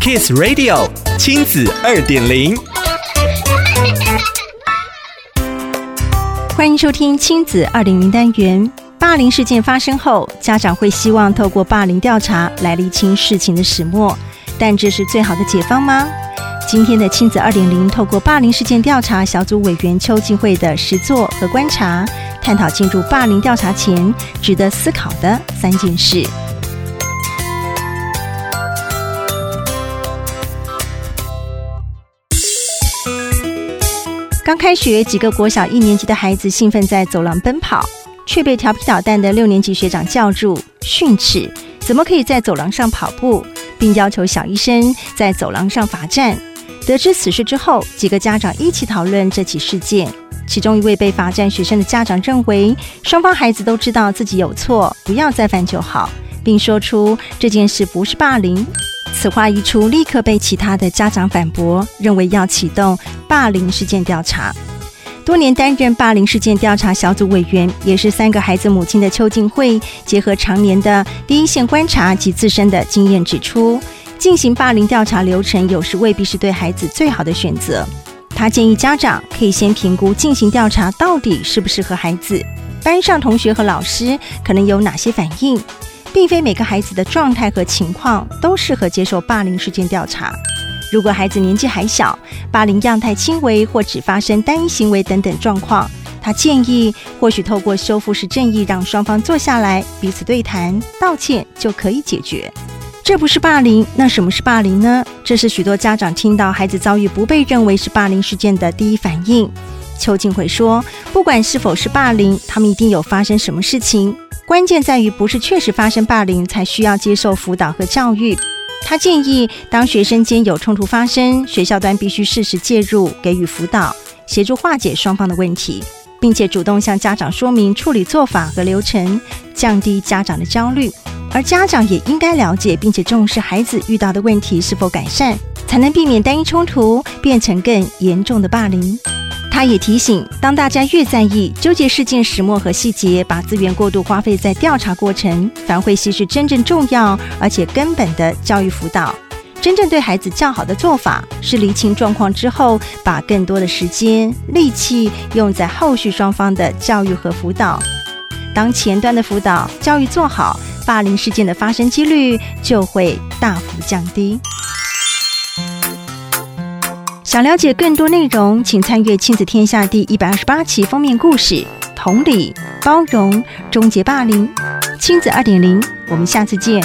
Kiss Radio 親子二點零，歡迎收聽親子二點零單元。霸凌事件發生後，家長會希望透過霸凌調查來釐清事情的始末，但這是最好的解方嗎？今天的親子二點零，透過霸凌事件調查小組委員邱靖惠的實作和觀察，探討進入霸凌調查前，值得思考的三件事。剛開學，幾個國小一年級的孩子興奮在走廊奔跑，卻被調皮搗蛋的六年級學長叫住訓斥：“怎麼可以在走廊上跑步？”並要求小一生在走廊上罰站。得知此事之後，幾個家長一起討論這起事件。其中一位被罰站學生的家長認為，雙方孩子都知道自己有錯，不要再犯就好，並說出這件事不是霸凌。此話一出，立刻被其他的家長反駁，認為要啟動霸凌事件調查。多年擔任霸凌事件調查小組委員，也是三個孩子母親的邱靖惠，結合常年的第一線觀察及自身的經驗指出，進行霸凌調查流程有時未必是對孩子最好的選擇。她建議家長可以先評估進行調查到底適不適合孩子，班上同學和老師可能有哪些反應？並非每個孩子的狀態和情況都適合接受霸凌事件調查。如果孩子年紀還小，霸凌樣態輕微或只發生單一行為等等狀況，他建議或許透過修復式正義，讓雙方坐下來彼此對談道歉就可以解決。這不是霸凌，那什麼是霸凌呢？這是許多家長聽到孩子遭遇不被認為是霸凌事件的第一反應。邱靖惠說：“不管是否是霸凌，他們一定有發生什麼事情。關鍵在於，不是確實發生霸凌才需要接受輔導和教育。”他建議，當學生間有衝突發生，學校端必須適時介入，給予輔導，協助化解雙方的問題，並且主動向家長說明處理做法和流程，降低家長的焦慮。而家長也應該了解並且重視孩子遇到的問題是否改善，才能避免單一衝突變成更嚴重的霸凌。他也提醒，當大家越在意糾結事件始末和細節，把資源過度花費在調查過程，反而會稀釋真正重要而且根本的教育輔導。真正對孩子較好的做法是釐清狀況之後，把更多的時間、力氣用在後續雙方的教育和輔導。當前端的輔導教育做好，霸凌事件的發生幾率就會大幅降低。想了解更多內容，請參閱《親子天下》第一百二十八期封面故事：同理、包容、終結霸凌，《親子二點零》，我們下次見。